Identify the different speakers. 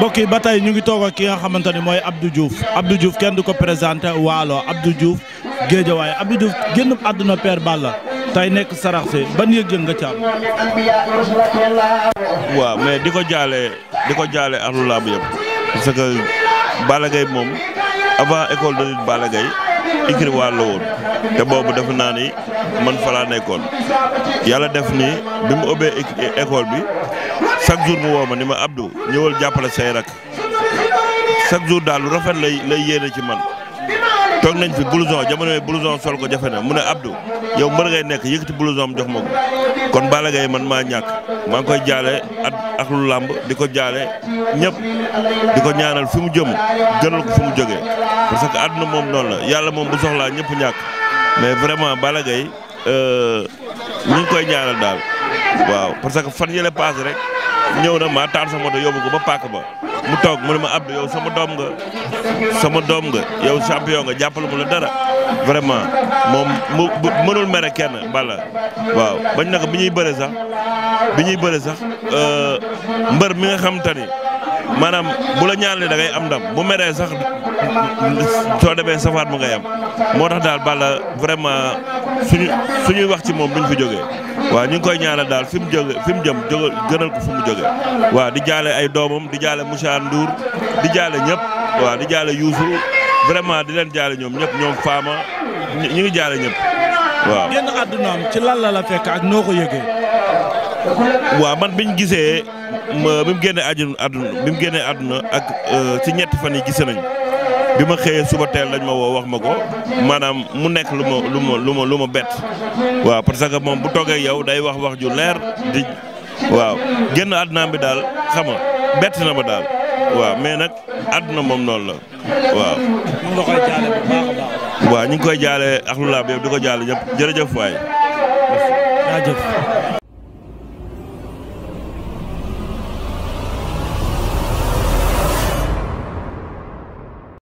Speaker 1: mbokk yi ba tey ñu ngi toog ak ki nga xamante ni mooy Abdou Diouf Abdou Diouf kenn du ko présenté waalo Abdou Diouf géejawaay Abdou Diouf génn àdduna Père Balla tey nekk sarax si ban yëg-yëg nga ci am. waaw mais di ko jaale di ko jaale ahlu làmb yëpp parce que bala Gaye moom avant école de lutte Balla Gaye ikri waal la woon te boobu defe naa ni man falaa nekkoon yàlla def ni bi mu ubbee école bi. chaque jour mu woo ma ni ma Abdou ñëwal jàppale say rak chaque jour daal lu rafet lay lay yéene ci man toog nañ fi blouson jamono yi blouson sol ko jafe na mu ne Abdou yow mbër ngay nekk yëkkati blouson am jox ma ko kon Balla yi man maa ñàkk maa ngi koy jaale at ak lu làmb di ko jaale ñëpp di ko ñaanal fi mu jëm gënal ko fi mu jógee parce que àdduna moom noonu la yàlla moom bu soxlaa ñëpp ñàkk mais vraiment Balla Gaye euh, ñu ngi koy ñaanal daal waaw parce que fan yële paase rek. ñëw na ma taal sa moto yóbbu ko ba pàkk ba mu toog mu ne ma Abdou yow sama doom nga sama doom nga yow champion nga jàppale mu la dara vraiment moom mu mënul mere kenn bala waaw bañ na ko bi ñuy bëre sax bi ñuy bëre sax euh, mbër mi nga xam ni maanaam bu la ñaanalee da ngay am ndam bu meree sax soo demee safaat mu ngay am moo tax daal bala vraiment suñu suñuy wax ci moom duñ fi jógee waaw ñu ngi koy ñaanal daal fi mu jóge fi mu jëm jóge gënal ko fu mu jóge waaw di jaale ay doomam di jaale Moussa Ndour di jaale ñëpp waaw di jaale Youssou vraiment di leen jaale ñoom ñëpp ñoom Fama ñu ngi jaale ñëpp waaw. génn àddunaam ci lan la la fekk ak noo ko yëgee. waaw man biñ gisee bi mu génnee àdduna àdduna bi mu génnee àdduna ak e, ci ñetti fan yi gisee nañ bi ma xëyee suba teel lañ ma woo wax ma ko maanaam mu nekk lu ma lu ma lu lu ma bett waaw parce que moom bu toogee yow day wax wax ju leer di waaw génn àdduna bi daal xam nga bett na ma daal waaw mais nag àdduna moom noonu la waaw. ñu ngi koy jaale bu baax a di ko jaale ñëpp jërëjëf waay.